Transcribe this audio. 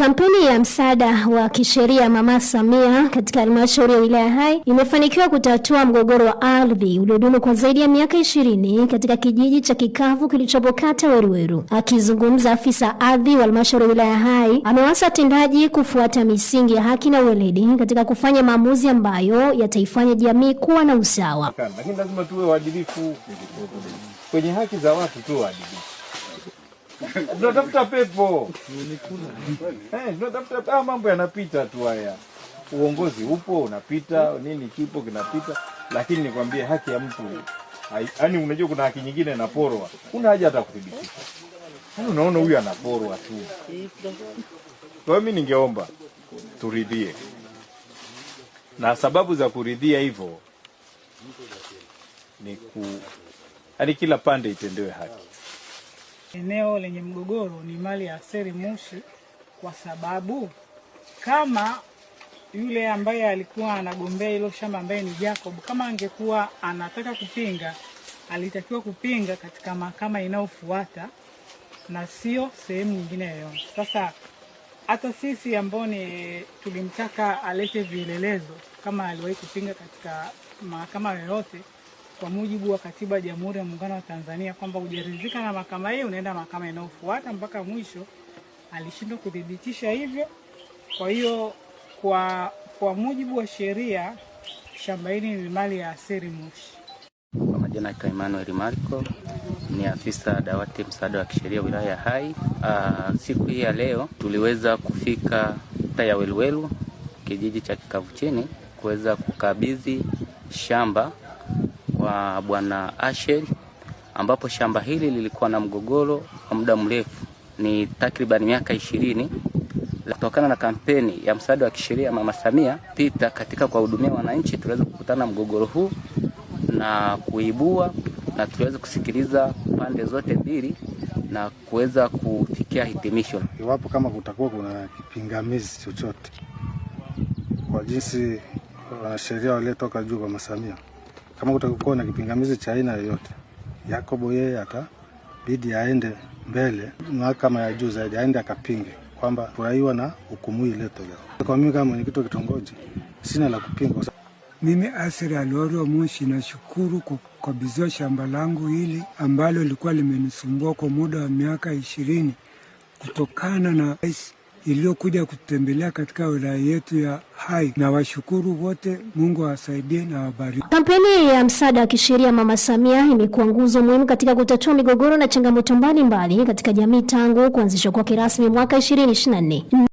Kampeni ya msaada wa kisheria Mama Samia katika halmashauri ya wilaya Hai imefanikiwa kutatua mgogoro wa ardhi uliodumu kwa zaidi ya miaka ishirini katika kijiji cha Kikavu kilichopo kata Weruweru. Akizungumza, afisa ardhi wa halmashauri ya wilaya Hai amewasa watendaji kufuata misingi ya haki na uweledi katika kufanya maamuzi ambayo yataifanya jamii kuwa na usawa. Lakini lazima tuwe waadilifu kwenye haki za watu, tuwe waadilifu tunatafuta pepo eh, ah, mambo yanapita tu haya. Uongozi upo unapita, nini kipo kinapita, lakini nikwambie haki ya mtu yaani, unajua kuna haki nyingine inaporwa, kuna haja hata kuthibitisha. Yaani unaona huyu anaporwa tu. Kwa mi mimi ningeomba turidhie, na sababu za kuridhia hivyo ni ku, yaani kila pande itendewe haki. Eneo lenye mgogoro ni mali ya seri Mushi kwa sababu kama yule ambaye alikuwa anagombea hilo shamba ambaye ni Jacob, kama angekuwa anataka kupinga, alitakiwa kupinga katika mahakama inayofuata na sio sehemu nyingine yoyote. Sasa hata sisi ambao ni tulimtaka alete vielelezo kama aliwahi kupinga katika mahakama yoyote kwa mujibu wa katiba ya Jamhuri ya Muungano wa Tanzania kwamba hujaridhika na mahakama hii, unaenda mahakama inayofuata mpaka mwisho. Alishindwa kuthibitisha hivyo. Kwa hiyo kwa, kwa mujibu wa sheria shamba hili ni mali ya asiri Moshi. Kwa majina ya Emmanuel Marco ni afisa dawati msaada wa kisheria wilaya ya Hai. Aa, ah, siku hii ya leo tuliweza kufika kata ya Weluwelu kijiji cha Kikavu chini kuweza kukabidhi shamba wa Bwana Ashed, ambapo shamba hili lilikuwa na mgogoro wa muda mrefu, ni takriban miaka ishirini kutokana na kampeni ya msaada wa kisheria Mama Samia pita katika kuwahudumia wananchi, tuliweza kukutana mgogoro huu na kuibua na tuliweza kusikiliza pande zote mbili na kuweza kufikia hitimisho. Iwapo kama kutakuwa kuna kipingamizi chochote kwa jinsi wanasheria uh, waliotoka juu kwa Mama Samia kama kutakuwa na kipingamizi cha aina yoyote, Yakobo yeye atabidi aende mbele mahakama ya juu zaidi, aende akapinge kwamba furahiwa na hukumu hii iliyotolewa. Kwa mimi kama mwenyekiti wa kitongoji sina la kupinga. Mimi Asiri Aloro Mushi nashukuru kwa kukabidhiwa shamba langu hili ambalo lilikuwa limenisumbua kwa muda wa miaka ishirini kutokana na iliyokuja kutembelea katika wilaya yetu ya Hai na washukuru wote, Mungu awasaidie na wabariki. Kampeni ya msaada wa kisheria Mama Samia imekuwa nguzo muhimu katika kutatua migogoro na changamoto mbalimbali katika jamii tangu kuanzishwa kwake rasmi mwaka 2024.